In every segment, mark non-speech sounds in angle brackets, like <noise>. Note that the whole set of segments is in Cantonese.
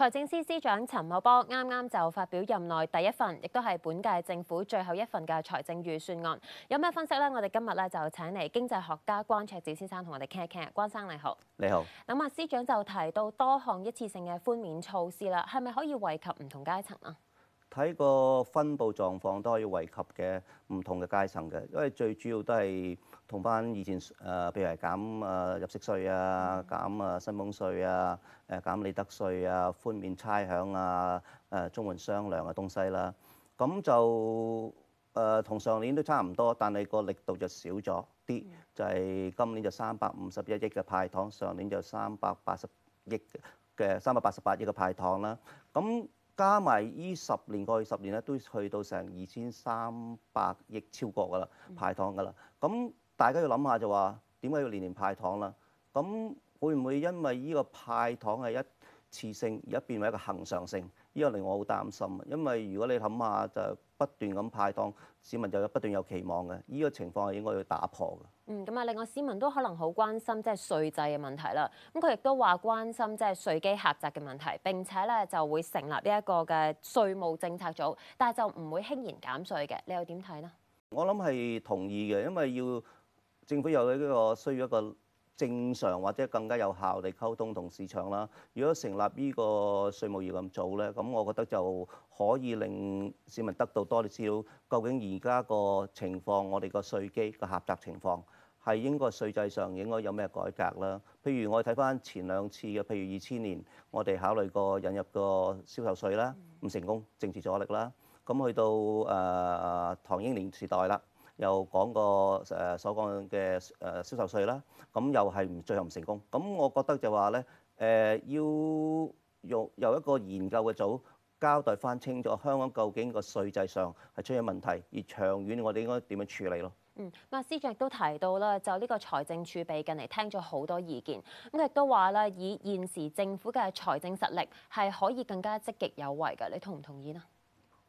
財政司司長陳茂波啱啱就發表任內第一份，亦都係本屆政府最後一份嘅財政預算案。有咩分析呢？我哋今日咧就請嚟經濟學家關焯照先生同我哋傾一傾。關生你好，你好。咁啊好，司長就提到多項一次性嘅寬免措施啦，係咪可以惠及唔同階層啊？睇個分佈狀況都可以惠及嘅唔同嘅階層嘅，因為最主要都係同翻以前誒，譬、呃、如係減誒、呃、入息稅啊、減誒薪俸稅啊、誒、呃、減利得稅啊、寬免差餉啊、誒綜援商量嘅東西啦。咁就誒同、呃、上年都差唔多，但係個力度就少咗啲，嗯、就係今年就三百五十一億嘅派糖，上年就三百八十億嘅三百八十八億嘅派糖啦。咁加埋呢十年過去十年咧，都去到成二千三百億超過噶啦，派糖噶啦。咁大家要諗下就話，點解要年年派糖啦？咁會唔會因為呢個派糖係一次性，而變為一個恒常性？呢個令我好擔心，因為如果你諗下就不斷咁派糖，市民就有不斷有期望嘅，呢、這個情況係應該要打破嘅。嗯，咁啊，另外市民都可能好關心即係稅制嘅問題啦。咁佢亦都話關心即係稅基狹窄嘅問題，並且咧就會成立呢一個嘅稅務政策組，但係就唔會輕言減稅嘅。你又點睇呢？我諗係同意嘅，因為要政府有呢、這個需要一個。正常或者更加有效地溝通同市場啦。如果成立呢個稅務業咁早呢，咁我覺得就可以令市民得到多啲資料。究竟而家個情況，我哋個稅基個狹窄情況係應該稅制上應該有咩改革啦？譬如我睇翻前兩次嘅，譬如二千年我哋考慮過引入個銷售稅啦，唔成功，政治阻力啦。咁去到誒、呃、唐英年時代啦。又講個誒所講嘅誒銷售稅啦，咁又係最後唔成功。咁我覺得就話咧誒，要用有一個研究嘅組交代翻清楚香港究竟個稅制上係出現問題，而長遠我哋應該點樣處理咯？嗯，司長亦都提到啦，就呢個財政儲備近嚟聽咗好多意見，咁佢亦都話啦，以現時政府嘅財政實力係可以更加積極有為嘅，你同唔同意呢？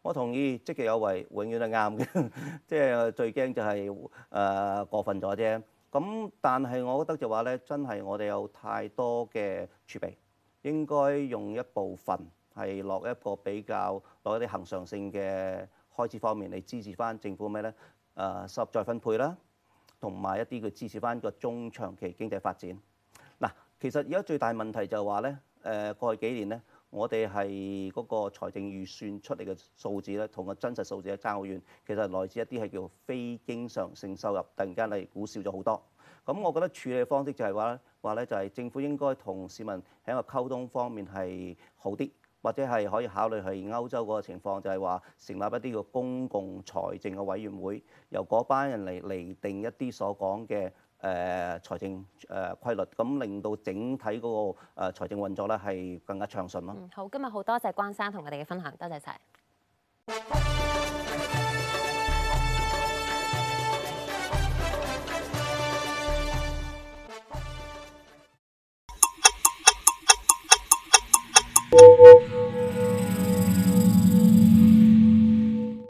我同意積極有為永遠都啱嘅， <laughs> 即係最驚就係、是、誒、呃、過分咗啫。咁但係我覺得就話咧，真係我哋有太多嘅儲備，應該用一部分係落一個比較落一啲恒常性嘅開支方面嚟支持翻政府咩咧？誒、呃、收入再分配啦，同埋一啲佢支持翻個中長期經濟發展。嗱、呃，其實而家最大問題就係話咧，誒、呃、過去幾年咧。我哋係嗰個財政預算出嚟嘅數字咧，同個真實數字係爭好遠。其實來自一啲係叫非經常性收入，突然間係估少咗好多。咁我覺得處理方式就係話，話咧就係政府應該同市民喺個溝通方面係好啲，或者係可以考慮係歐洲嗰個情況，就係話成立一啲個公共財政嘅委員會，由嗰班人嚟嚟定一啲所講嘅。誒財政誒規律，咁令到整體嗰個誒財政運作咧係更加暢順咯。嗯，好，今日好多謝關生同我哋嘅分享，多謝晒。